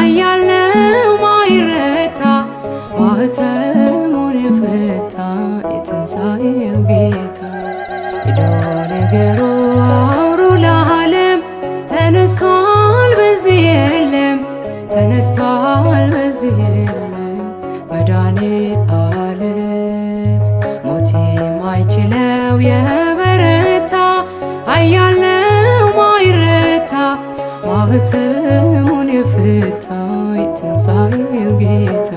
አያለው ማይረታ ማህተሙን የፈታ የትንሣኤው ጌታ ሄዶ ነገሩ አውሩ ለዓለም ተነስቷል በዚህ የለም ተነስቷል በዚህ የለም መድኃኔ ዓለም ሞት የማይችለው የ ማህተሙን የፈታ የትንሣኤው ጌታ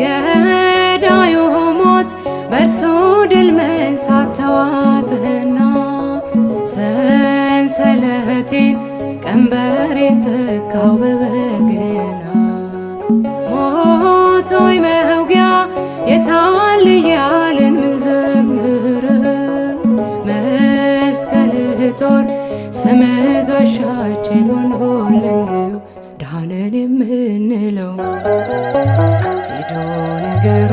ገዳዩ ሞት በእርሱ ድል መንሳት ተዋጥህና ሰንሰለቴን ቀንበሬን ተካው በበገ የአባቶይ መውጊያ የታል ያለን ምንዘምር መስቀልህ ጦር ስምህ ጋሻችን ሆኖልን ዳነን የምንለው ሄዶ ነገሩ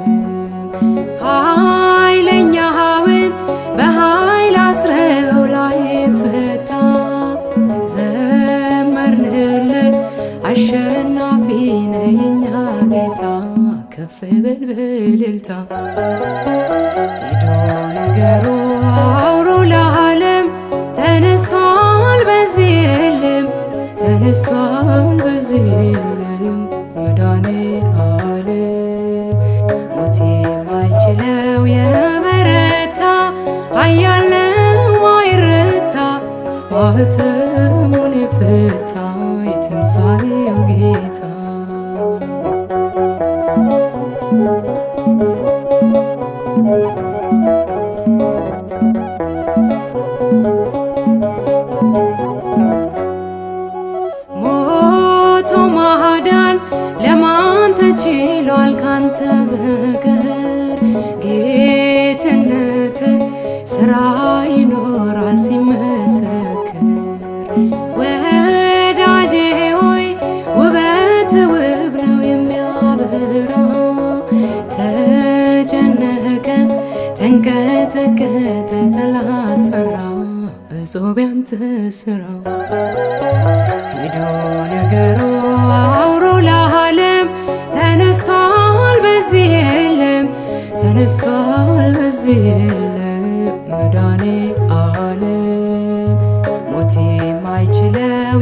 ሄዶ ነገሩ አውሮ ለዓለም ተነስቷል በዚህ የለም ተነስቷል በዚህ የለም መዳኔ መድኃኔዓለም ሞቴ የማይችለው የበረታ አያለው አይረታ ማኅተሙን የፈታ የትንሣኤው ጌታ ሞቶ ማዳን ለማን ተችሏል ካንተ በቀር ጌትነት ስራ ይኖራል ሲማ ተንቀጠቀጠ ጠላት ፈራ፣ ብዙ ቢያንተ ስራው ሄዶ ነገሩ አውሮ ለዓለም ተነስቷል በዚህ የለም ተነስቷል በዚህ የለም መዳኔ አለ ሞቴ ሞት የማይችለው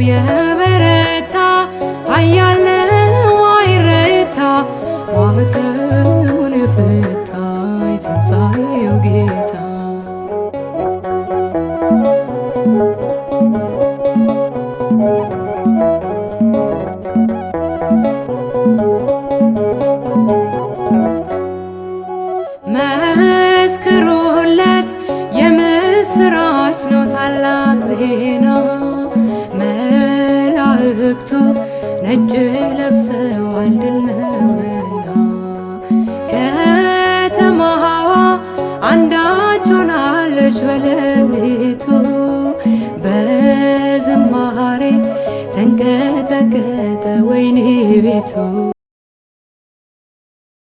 መስክሩለት የምስራች ነው ታላቅ ዜና። መላእክቱ ነጭ ለብሰው አንድል ነውና ከተማ ሐዋ አንዳች ሆናለች በሌሊቱ በዝማሬ ተንቀጠቀጠ ወይኒ ቤቱ